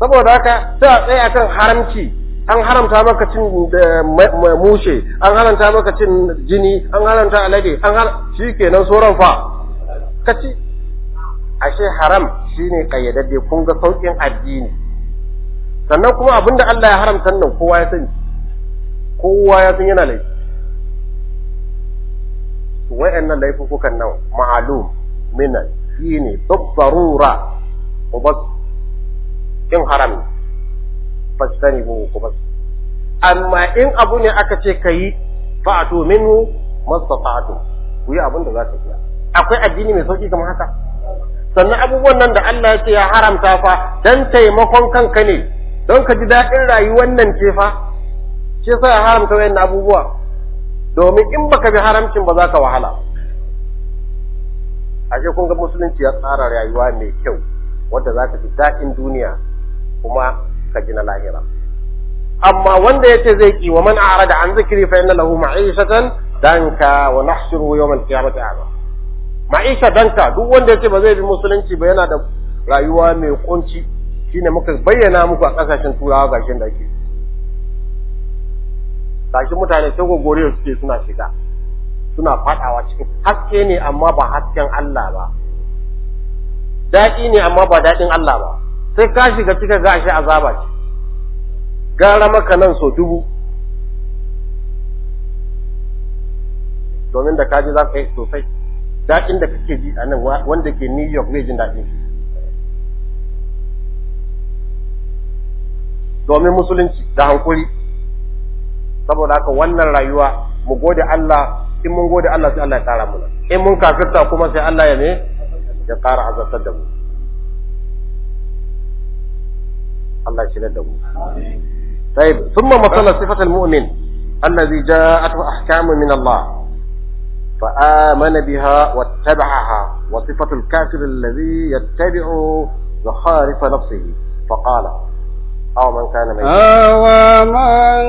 saboda haka sai a tsaye akan haramci an haramta maka cin eh, mushe an haramta maka cin jini an haramta alade an haramta shikenan soran fa kaci ashe haram shine kayyadadde kun ga saukin addini sannan kuma abinda Allah ya haramta nan kowa ya sani kowa ya san yana laifi wa'annan laifukan nan ma'alum minan shine babbarura ubas in haram fastani bu ku bas amma in abu ne aka ce kayi fa'atu minhu mastata'tu ku yi abin da za ka iya akwai addini mai sauki kamar haka sannan abubuwan nan da Allah ya ce ya haramta fa dan taimakon kanka ne don ka ji daɗin rayuwar nan ce fa ce sa ya haramta wayan abubuwa domin in baka bi haramcin ba za ka wahala ashe kun ga musulunci ya tsara rayuwa mai kyau wadda za ka ji daɗin duniya kuma ka ji na lahira amma wanda ya ce zai ki wa man arada an zikiri fa inna lahu ma'ishatan danka wa nahshuruhu yawmal qiyamati a'ma ma'isha danka duk wanda ya ce ba zai bi musulunci ba yana da rayuwa mai kunci shine muka bayyana muku a kasashen turawa gashin da ake gashin mutane sai gogore suke suna shiga suna fadawa cikin haske ne amma ba hasken Allah ba daɗi ne amma ba daɗin Allah ba sai ka shiga cika ga shi azaba ce gara maka nan so dubu domin da kaji za ka yi sosai daɗin da kake ji a nan wanda ke new york zai jin daɗin shi domin musulunci da hankuri saboda haka wannan rayuwa mu gode Allah in mun gode Allah sai Allah ya tara mu in mun kafirta kuma sai Allah ya ne ya ƙara azabtar da mu الله يشهد له طيب ثم مثل صفة المؤمن الذي جاءته أحكام من الله فآمن بها واتبعها وصفة الكافر الذي يتبع وخالف نفسه فقال أو من كان ميتا أو من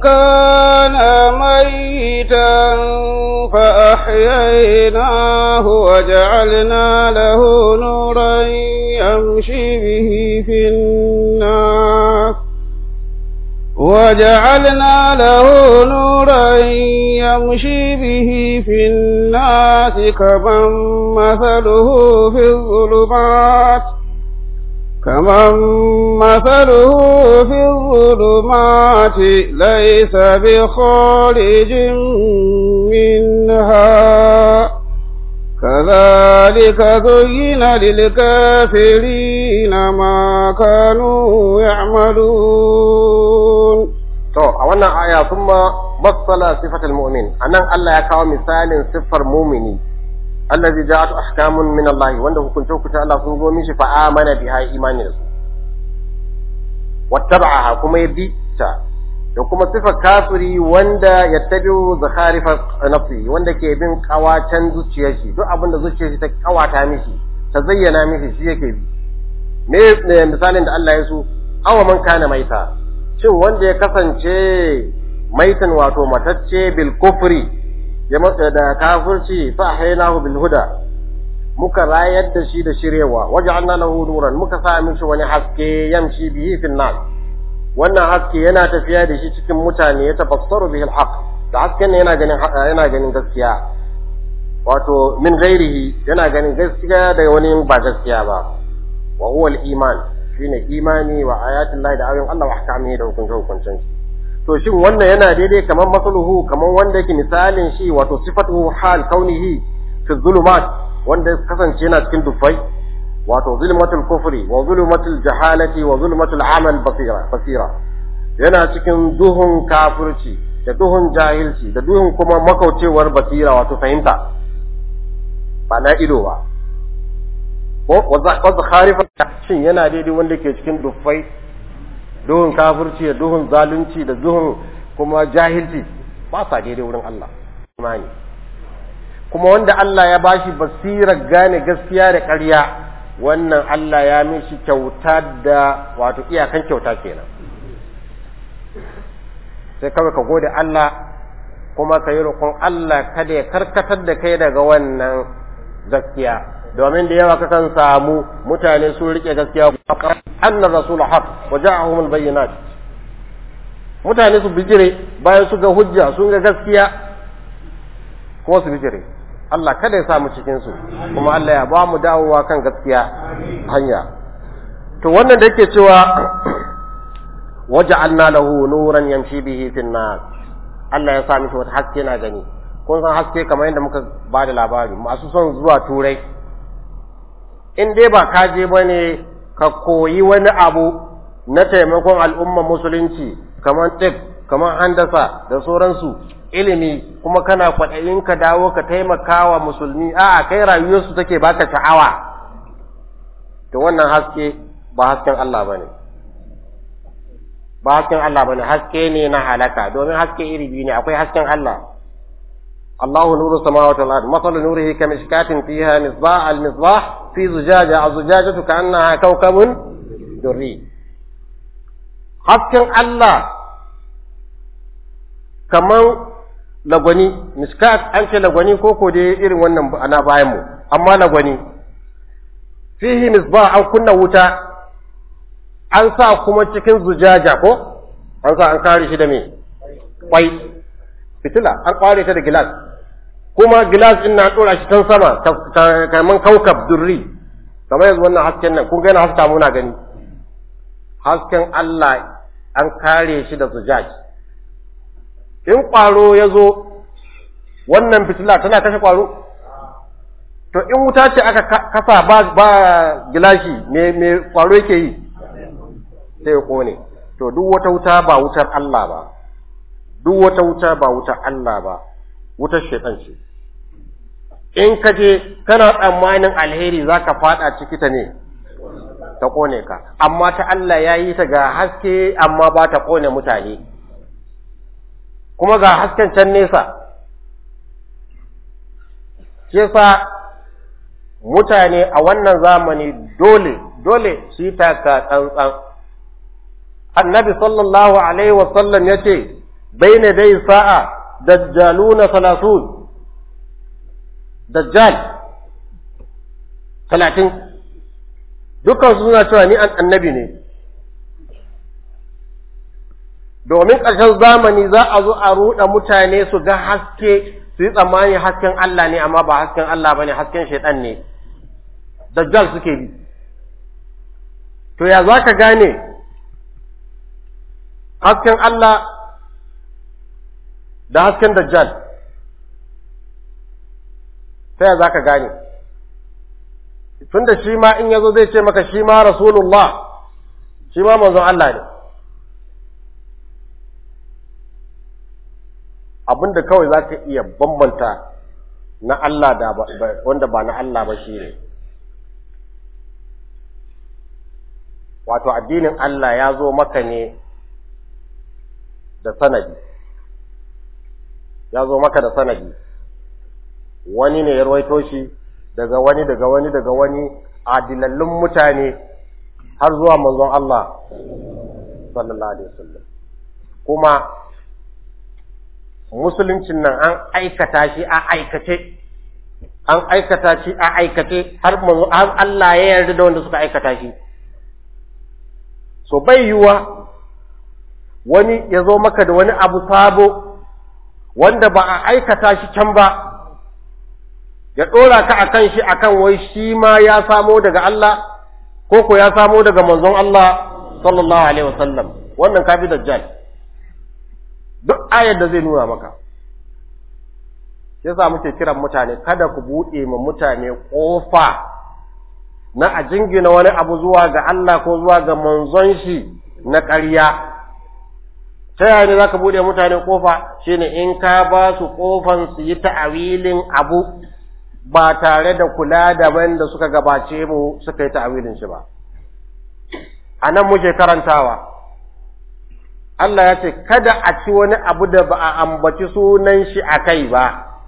كان ميتا فأحييناه وجعلنا له نورا يمشي به في الناس وجعلنا له نورا يمشي به في الناس كمن مثله في الظلمات كمن مثله في الظلمات ليس بخارج منها كذلك na للكافرين ما كانوا يعملون to a wannan aya kuma matsala sifatul mu'min anan Allah ya kawo misalin siffar mumini allazi ja'at ahkamun min Allah wanda hukunce hukunce Allah sun zo mishi fa amana biha imani da su wattabaha kuma yabi. da kuma sifar kafiri wanda ya tabi'u zakharifa nafsi wanda ke bin kawacen zuciyar shi duk abin da zuciyar shi ta kawata mishi ta zayyana mishi shi yake bi me misalin da Allah ya so awa man kana maita shin wanda ya kasance maitan wato matacce bil kufri ya matsa da kafirci fa haynahu bil huda muka rayar da shi da shirewa waja'alna lahu nuran muka sa mishi wani haske yamshi bihi fil nas wannan haske yana tafiya da shi cikin mutane ya tafassaru bihil haq da hasken ne yana ganin yana ganin gaskiya wato min ghairihi yana ganin gaskiya da wani ba gaskiya ba wa huwa iman shine imani wa ayatin lahi da ayoyin Allah wa ahkamihi da hukuncin hukuncin to shin wannan yana daidai kamar masluhu kamar wanda yake misalin shi wato sifatu hal kaunihi fi zulumat wanda kasance yana cikin dufai wato zulmatul kufri wa zulmatul jahalati wa zulmatul amal basira basira yana cikin duhun kafirci da duhun jahilci da duhun kuma makaucewar basira wato fahimta ba na ido ba ko wasu harifar shin yana daidai wanda ke cikin dufai duhun kafirci da duhun zalunci da duhun kuma jahilci ba sa daidai wurin Allah imani kuma wanda Allah ya bashi basirar gane gaskiya da ƙarya wannan Allah ya mishi kyauta da wato iyakan kyauta kenan sai kawai ka gode Allah kuma ka yi roƙon Allah kada ya karkatar da kai daga wannan gaskiya domin da yawa kakan samu mutane sun rike gaskiya annar rasul haq wa ja'ahum al bayyinat mutane su bijire bayan su ga hujja sun ga gaskiya kuma su bijire Allah kada ya samu cikinsu cikin su kuma Allah ya ba mu dawowa kan gaskiya hanya to wannan da yake cewa <clears throat> waja'alna lahu nuran yamshi bihi fin nas Allah ya sa mishi wata haske na gani kun san haske kamar yadda muka ba da labari masu son zuwa turai in dai ba ka je ba ka koyi wani abu na taimakon al'umma musulunci kamar tek kamar handasa da sauransu ilimi kuma kana kwaɗayin ka dawo ka taimaka wa musulmi a'a kai rayuwarsu take baka sha'awa to wannan haske ba hasken Allah bane ba hasken Allah bane haske ne na halaka domin haske iri biyu ne akwai hasken Allah الله نور السماوات والأرض مثل نوره كمشكاة فيها مصباح المصباح في زجاجة الزجاجة كأنها كوكب دري hasken الله كمان lagwani miskat an ce lagwani ko ko dai irin wannan ana bayan mu amma lagwani fihi misbah an kunna wuta an sa kuma cikin zujaja ko an sa an kare shi da me kwai fitila an kware ta da gilas kuma gilas din na dora shi can sama kaman kaukab durri kamar yanzu wannan hasken nan kun ga yana haska muna gani hasken Allah an kare shi da zujaji in ƙwaro ya zo wannan fitila tana kashe ƙwaro to in wuta ce aka kasa ba gilashi mai ƙwaro yake yi sai ya ƙone to duk wata wuta ba wutar Allah ba duk wata wuta ba wutar Allah ba wutar shaitan ce in ka je kana tsammanin alheri za ka fada ciki ta ne ta ƙone ka amma ta Allah ya yi ta ga haske amma ba ta ƙone mutane kuma ga hasken can nesa ke sa mutane a wannan zamani dole dole su yi taka tsantsan annabi sallallahu alaihi wasallam ya ce bai baina dai sa'a dajjaluna salasun dajjal talatin dukkan suna cewa ni annabi ne domin ƙarshen zamani za a zo a ruɗa mutane su ga haske su yi tsammani hasken Allah ne amma ba hasken Allah ba ne hasken shaiɗan ne dajjal suke bi to ya za ka gane hasken Allah da hasken dajjal ta ya za ka gane tun da shi ma in ya zo zai ce maka shi ma rasulullah shi ma manzon Allah ne abinda kawai za ka iya bambanta na Allah da wanda ba na Allah ba shi ne wato addinin Allah ya zo maka ne da sanadi ya zo maka da sanadi wani ne ya rawaito shi daga wani daga wani daga wani adilallun mutane har zuwa manzon Allah sallallahu alaihi wasallam kuma musuluncin nan an aikata shi a aikace an aikata shi a aikace har Allah ya yarda da wanda suka aikata shi so bai yiwuwa wani ya zo maka da wani abu sabo wanda ba a aikata shi can ba ya ɗora ka a kan shi a kan wai shi ma ya samo daga Allah ko ya samo daga manzon Allah sallallahu alaihi wasallam wannan kafi dajjal ayar da zai nuna maka yasa muke kiran mutane kada ku buɗe ma mutane ƙofa na a jingina wani abu zuwa ga Allah ko zuwa ga manzon shi na ƙarya ta yaya ne za ka buɗe mutane ƙofa shine in ka ba su ƙofan su yi ta'awilin abu ba tare da kula da wanda suka gabace mu suka yi ta'awilin shi ba a nan muke karantawa Allah ya ce kada a ci wani abu da ba a ambaci sunan shi a kai ba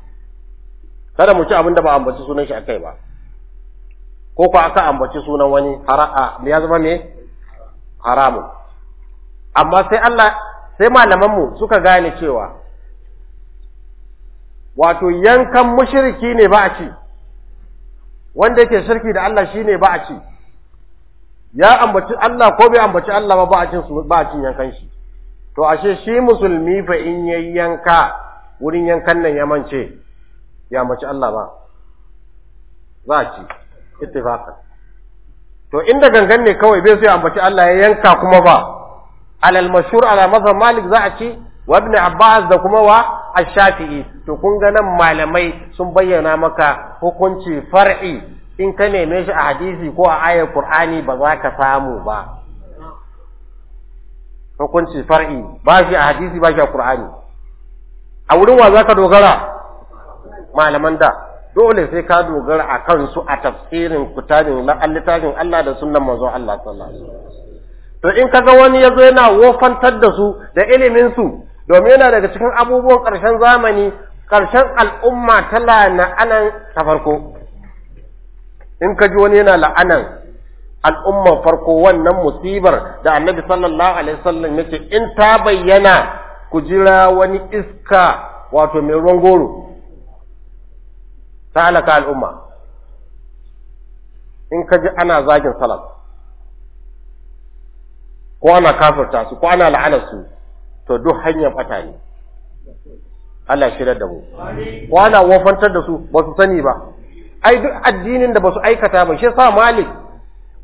kada mu ci abin da ba a ambaci sunan shi a kai ba ko ko aka ambaci sunan wani ya zama me haramun amma sai Allah sai malamanmu suka gane cewa wato yankan mushriki ne ba a ci wanda yake shirki da Allah shine ba a ci ya ambaci Allah ko bai ambaci Allah ba ba a cin yankan shi to ashe shi musulmi fa in yayi yanka wurin yankan nan ya mance ya mace Allah ba za ci ittifaqan to inda gangan ne kawai bai sai ambaci Allah ya yanka kuma ba alal mashhur ala mazhab malik za a ci wa ibn abbas da kuma wa ash-shafi'i to kun ga nan malamai sun bayyana maka hukunci far'i in ka neme shi a hadisi ko a ayar qur'ani ba za ka samu ba hukunci far'i ba shi a hadisi ba shi a qur'ani a wurin wa zaka dogara malaman da dole sai ka dogara a kansu a tafsirin kutabin na littafin Allah da sunnan manzon Allah sallallahu alaihi wasallam to in kaga wani yazo yana wofantar da su da ilimin su domin yana daga cikin abubuwan karshen zamani karshen al'umma ta la'ana ta farko in kaji wani yana la'anan al'umman farko wannan musibar da annabi sallallahu alaihi wasallam yace in ta bayyana ku jira wani iska wato mai ruwan goro ta halaka al'umma in ka ji ana zagin salat ko ana kafirta su ko ana la'ana su to duk hanyar bata ne Allah shirar da mu ko ana wofantar da su ba su sani ba ai duk addinin da ba su aikata ba shi sa malik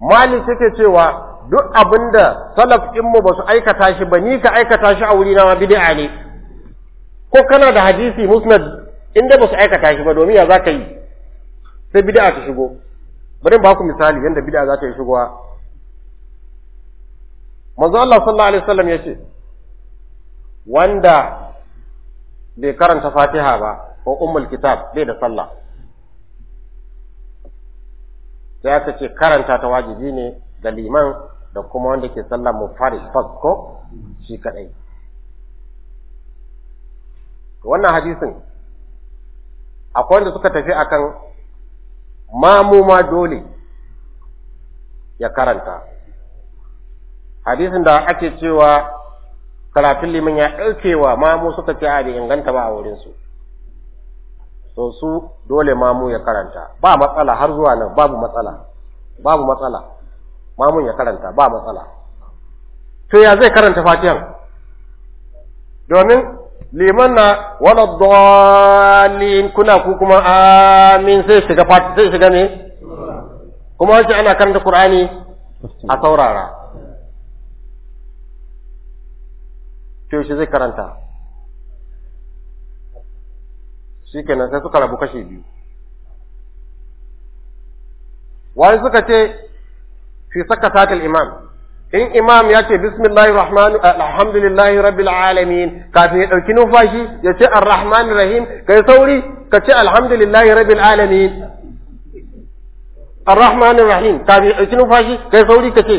malik yake cewa duk abinda salaf inmu ba su aikata shi ba ni ka aikata shi a wuri na ma bid'a ne ko kana da hadisi musnad inda ba su aikata shi ba domin ya zaka yi sai bid'a ta shigo bari ba ku misali yanda bid'a za ta yi shigowa manzo Allah sallallahu alaihi wasallam ce wanda bai karanta Fatiha ba ko ummul kitab bai da sallah sai aka ce karanta ta wajibi ne da liman da kuma wanda ke sallah munfarid fasko shi kadai wannan hadisin akwai wanda suka tafi akan mamuma dole ya karanta hadisin da ake cewa karatun liman ya ɗaukewa mamu suka ce a da inganta ba a wurinsu to su dole mamu ya karanta ba matsala har zuwa nan babu matsala babu matsala mamun ya karanta ba matsala to ya zai karanta fatihan domin liman na wala dalin kuna ku kuma amin sai shiga sai shiga ne kuma wace ana karanta qur'ani a saurara to shi zai karanta shikenan sai suka rabu kashi biyu wani suka ce fi sakatatul imam in imam ya ce bismillahir rahman alhamdulillahi rabbil alamin kafin ya dauki numfashi ya ce arrahmanir rahim kai sauri ka ce alhamdulillahi rabbil alamin arrahmanir rahim kafin ya dauki numfashi kai sauri ka ce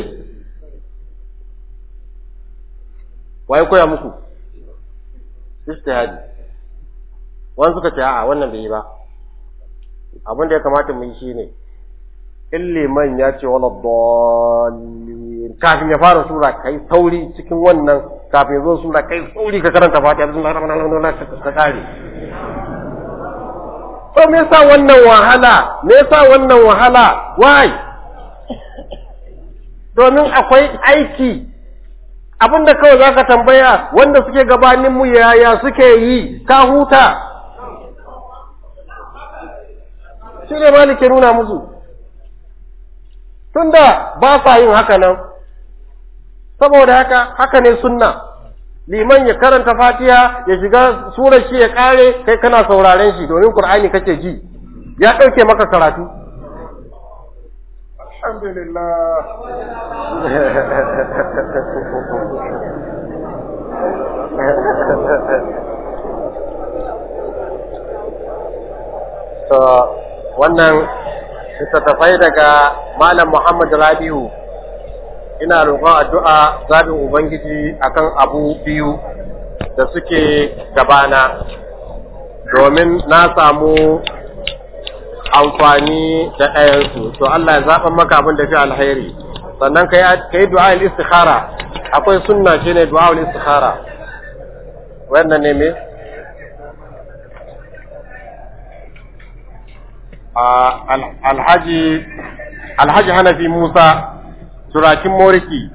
waye koya muku istihadi wani suka ce a'a wannan bai yi ba abin da ya kamata mu yi ne, in liman ya ce wani dallin kafin ya fara sura kai sauri cikin wannan kafin zuwa sura kai sauri ka karanta fatiha bismillahir na rahim ta kare Ko me sa wannan wahala me sa wannan wahala why domin akwai aiki abinda kawai zaka tambaya wanda suke gabanin mu yaya suke yi ka huta shi ne malik nuna musu tunda ba sa yin haka nan saboda haka haka ne sunna liman ya karanta fatiha ya shiga surar shi ya kare kai kana sauraren shi domin qur'ani kake ji ya dauke maka karatu alhamdulillah <laughs> <laughs> wannan littattafai daga malam muhammad rabiu ina roƙon addu'a zaɓin ubangiji akan abu biyu da suke gabana domin na samu amfani da ɗayansu to Allah ya zaɓa maka abin da fi alheri sannan ka yi du'a istikhara akwai sunna ne du'a istikhara wannan ne me alhaji alhaji hanafi musa turakin moriki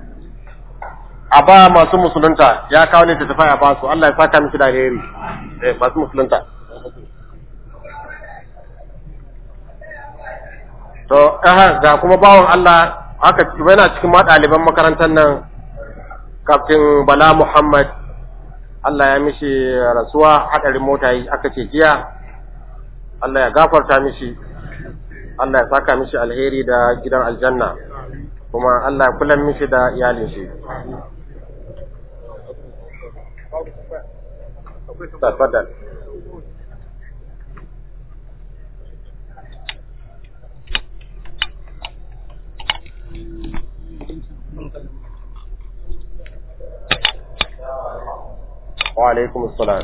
a ba masu musulunta ya kawo ne tattafai a ba su allah ya saka miki da alheri masu musulunta to ga kuma bawon allah haka yana cikin ma ɗaliban makarantar nan kaftin bala muhammad allah ya mishi rasuwa haɗarin mota aka ce jiya Allah ya gafarta mishi Allah ya saka mishi alheri da gidan aljanna kuma Allah ya kula mishi da iyalin shi wa وعليكم السلام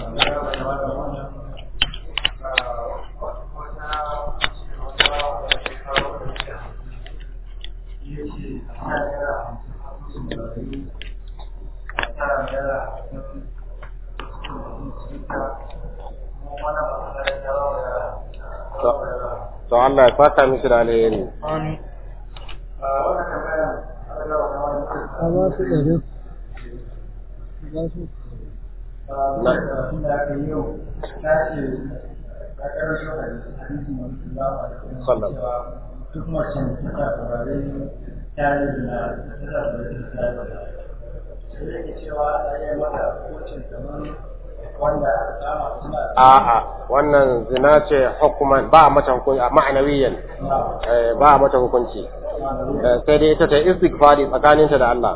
Allah ya fata miki da alheri amin ya yi a'a wannan zina ce hukuman ba a mata hukunci a ma'anawiyan eh, ba a mata hukunci eh, sai dai ita ta istighfari tsakaninta da Allah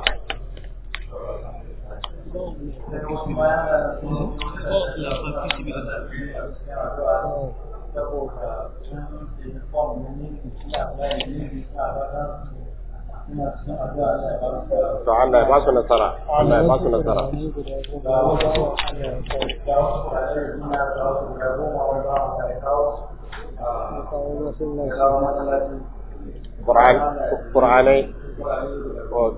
saboda to Allah ya ba su nasara Allah ya ba su nasara oh, oh, mu oh,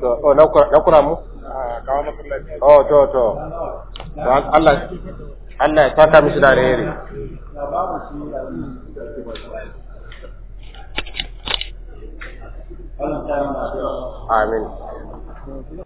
to to Allah Allah ya saka mishi da I mean.